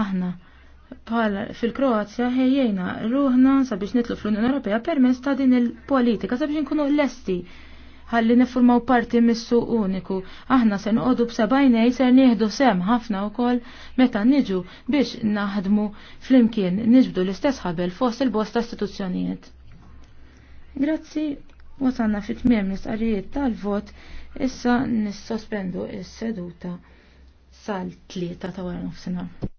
Aħna bħala fil-Kroazja ħejjejna ruħna sabiex nitlu fl-Unjoni Ewropea permezz ta' din il-politika sabiex nkunu lesti ħalli niffurmaw parti missu uniku. Aħna se noqogħdu b'sebajnej ser nieħdu sem ħafna wkoll meta niġu biex naħdmu flimkien niġbdu l-istess ħabel fost il-bosta istituzzjonijiet. Grazzi, wasanna fit-tmiem l-istqarijiet tal-vot, issa nissospendu is-seduta sal-tlieta ta' wara nofsinhar.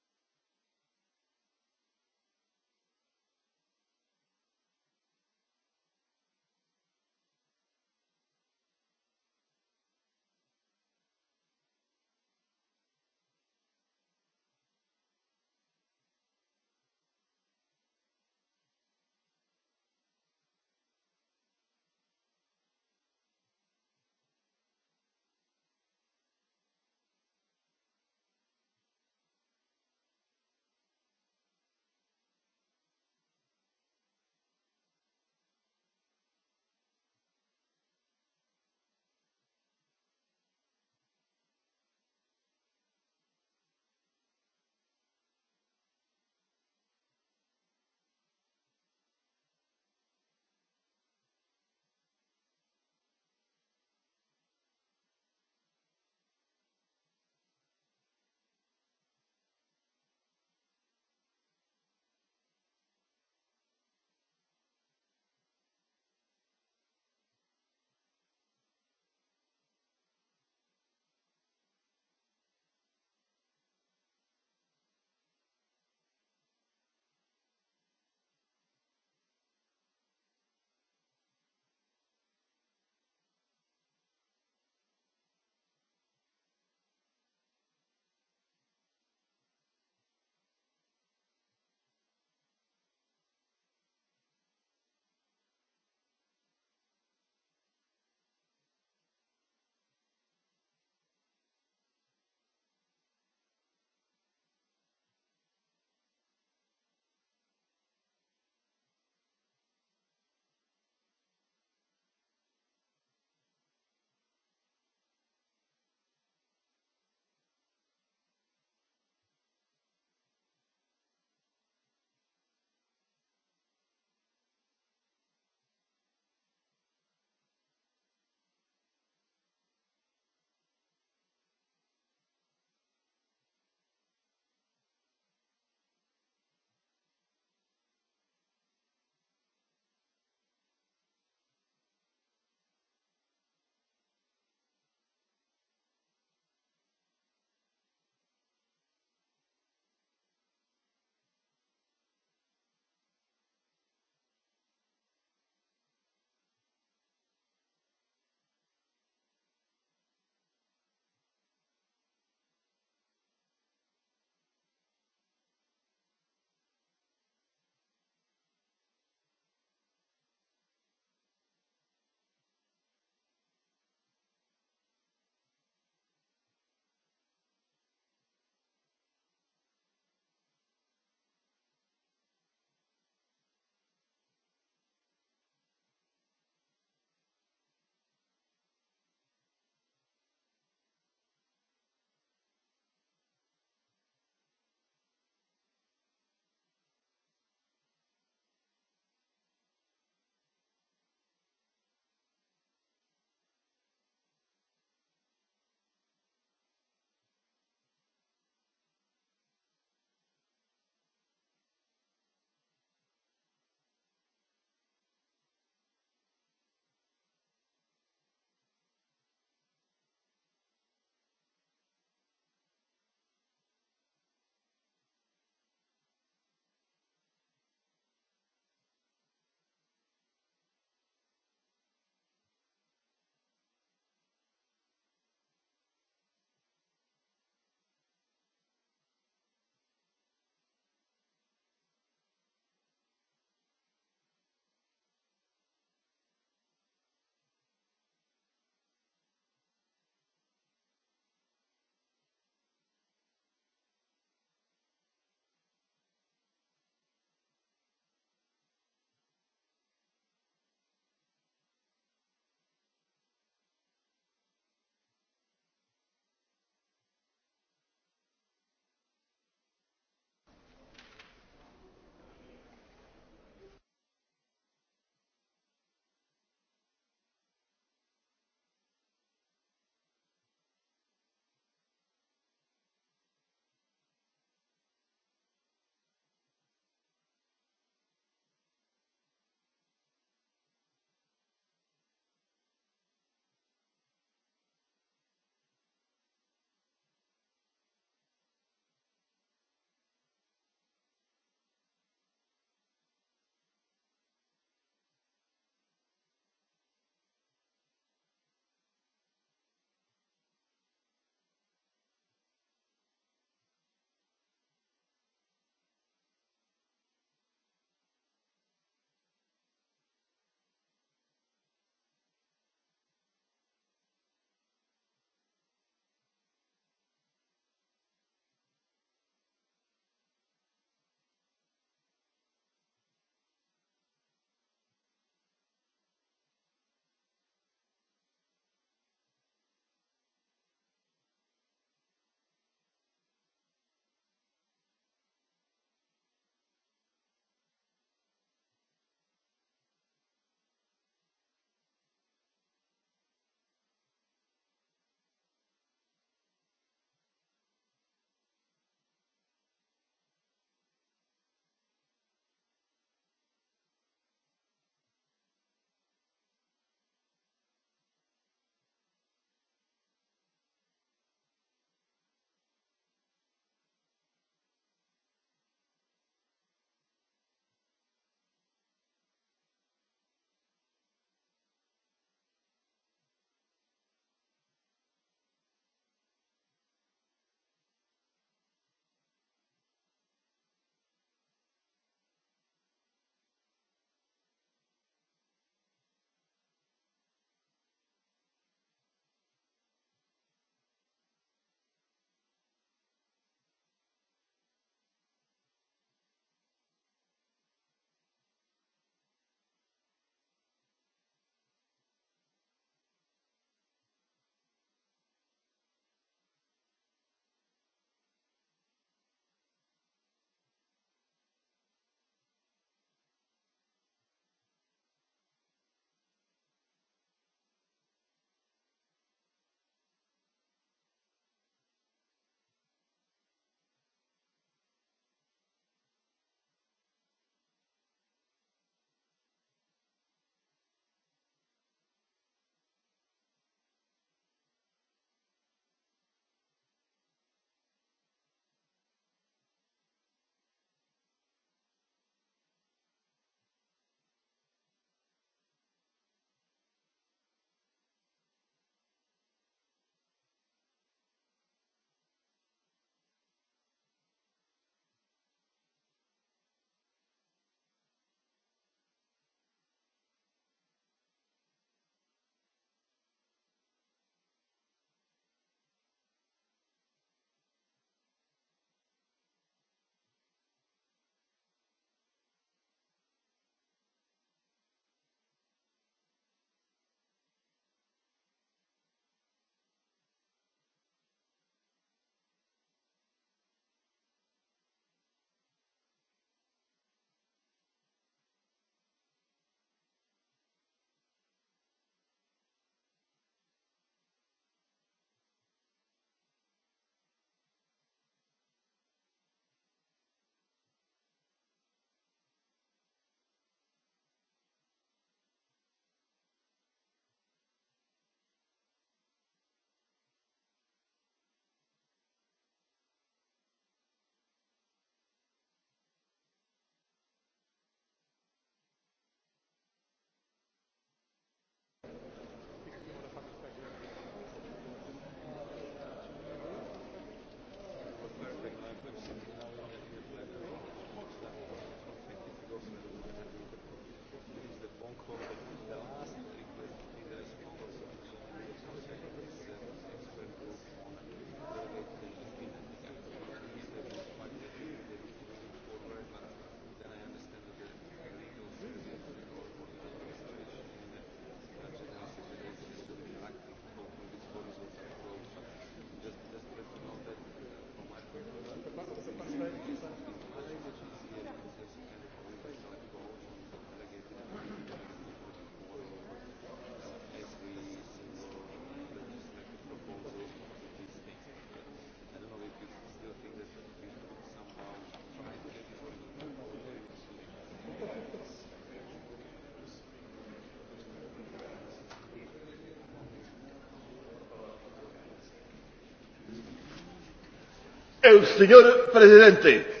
El signor Presidente.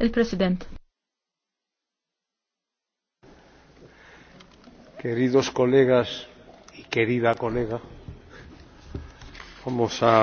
Il-President. Queridos colegas y querida colega, vamos a